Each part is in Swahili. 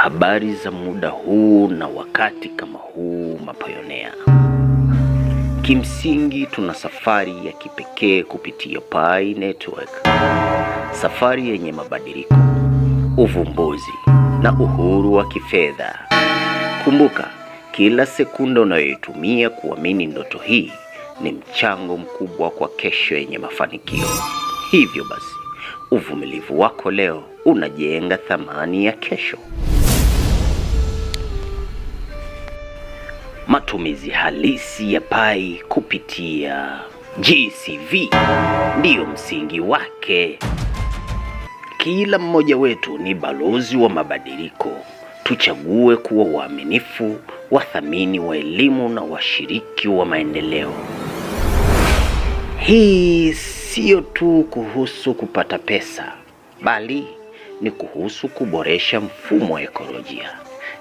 habari za muda huu na wakati kama huu mapayonea. Kimsingi tuna safari ya kipekee kupitia Pi Network, safari yenye mabadiliko, uvumbuzi na uhuru wa kifedha. Kumbuka, kila sekunda unayoitumia kuamini ndoto hii ni mchango mkubwa kwa kesho yenye mafanikio. Hivyo basi, uvumilivu wako leo unajenga thamani ya kesho. matumizi halisi ya pai kupitia GCV ndiyo msingi wake. Kila mmoja wetu ni balozi wa mabadiliko. Tuchague kuwa waaminifu, wathamini wa elimu na washiriki wa maendeleo. Hii sio tu kuhusu kupata pesa, bali ni kuhusu kuboresha mfumo wa ekolojia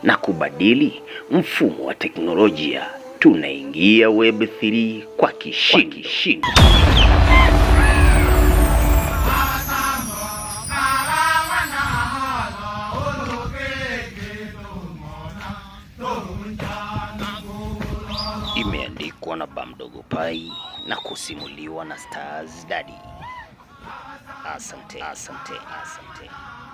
na kubadili mfumo wa teknolojia. Tunaingia Web3 kwa kishindo. Imeandikwa na Bamdogo Pai na kusimuliwa na Stars Daddy. Asante, asante, asante.